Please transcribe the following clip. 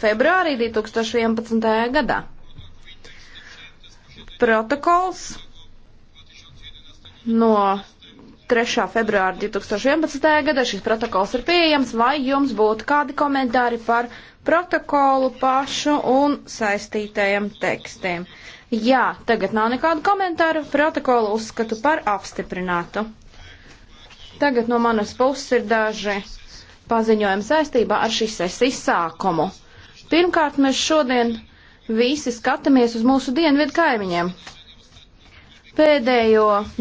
februārī 2011. gadā. Protokols no 3. februāra 2011. gadā šis protokols ir pieejams, vai jums būtu kādi komentāri par protokolu pašu un saistītajiem tekstiem. Jā, tagad nav nekādu komentāru, protokolu uzskatu par apstiprinātu. Tagad no manas puses ir daži paziņojumi saistībā ar šīs sesijas sākumu. Pirmkārt, mēs šodien visi skatāmies uz mūsu dienvidu kaimiņiem. Pēdējo